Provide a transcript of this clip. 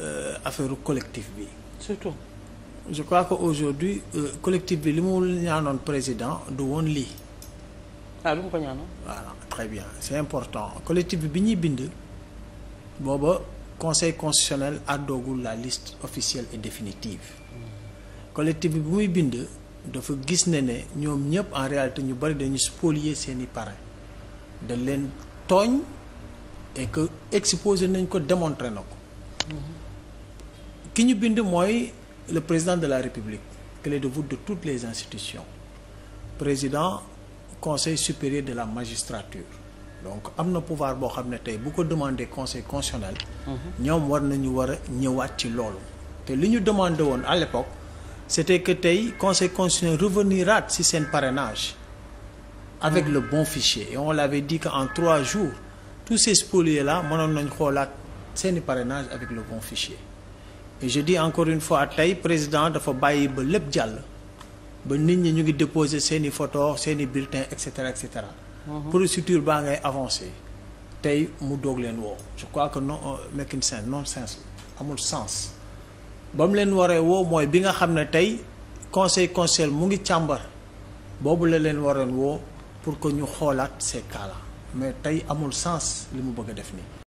Euh, affaire collectif bi. surtout. je crois que aujourd'hui euh, collective bi li mu ñaanoon président du woon lii. ah lu mu ko ñaanoon. voilà très bien c'est important collectif bi bi ñuy bind booba conseil constitutionnel àddoogul la liste officielle et définitive. collectif bi bu muy bind dafa gis ne ne ñoom ñëpp en réalité ñu bari dañu spolier seeni parrain da leen tooñ et que exposé nañ ko démontré na ko. Mm-hmm. ki ñu bind mooy le président de la république clé de voûte de toutes les institutions président conseil supérieur de la magistrature donc am na pouvoir boo xam ne tey bu ko demandé conseil constitutionnel ñoom war nañu war a ñëwaat ci loolu te li ñu demandé woon à l'époque c'était que tey conseil constitutionnel reveniraat ci seen parrainage avec le bon fichier et on l'avait dit qu'en trois jours tous ces la là mënoon nañ xoolaat seeni parrainage avec le bon mais je dis encore une fois tey président dafa bàyyi ba lépp jàll ba nit ñi ñu ngi déposer seeni i seeni seen i bulletin et cetera et cetera mhm. procédure baa ngay avancé tey mu doog leen woo je crois que non nekkin sens non sens amul sens ba mu leen waree woo mooy bi nga xam ne tey conseil conseil mu ngi càmbar boobu la leen waroon woo pour que ñu xoolaat ces cas mais tey amul sens li mu bëgg a def nii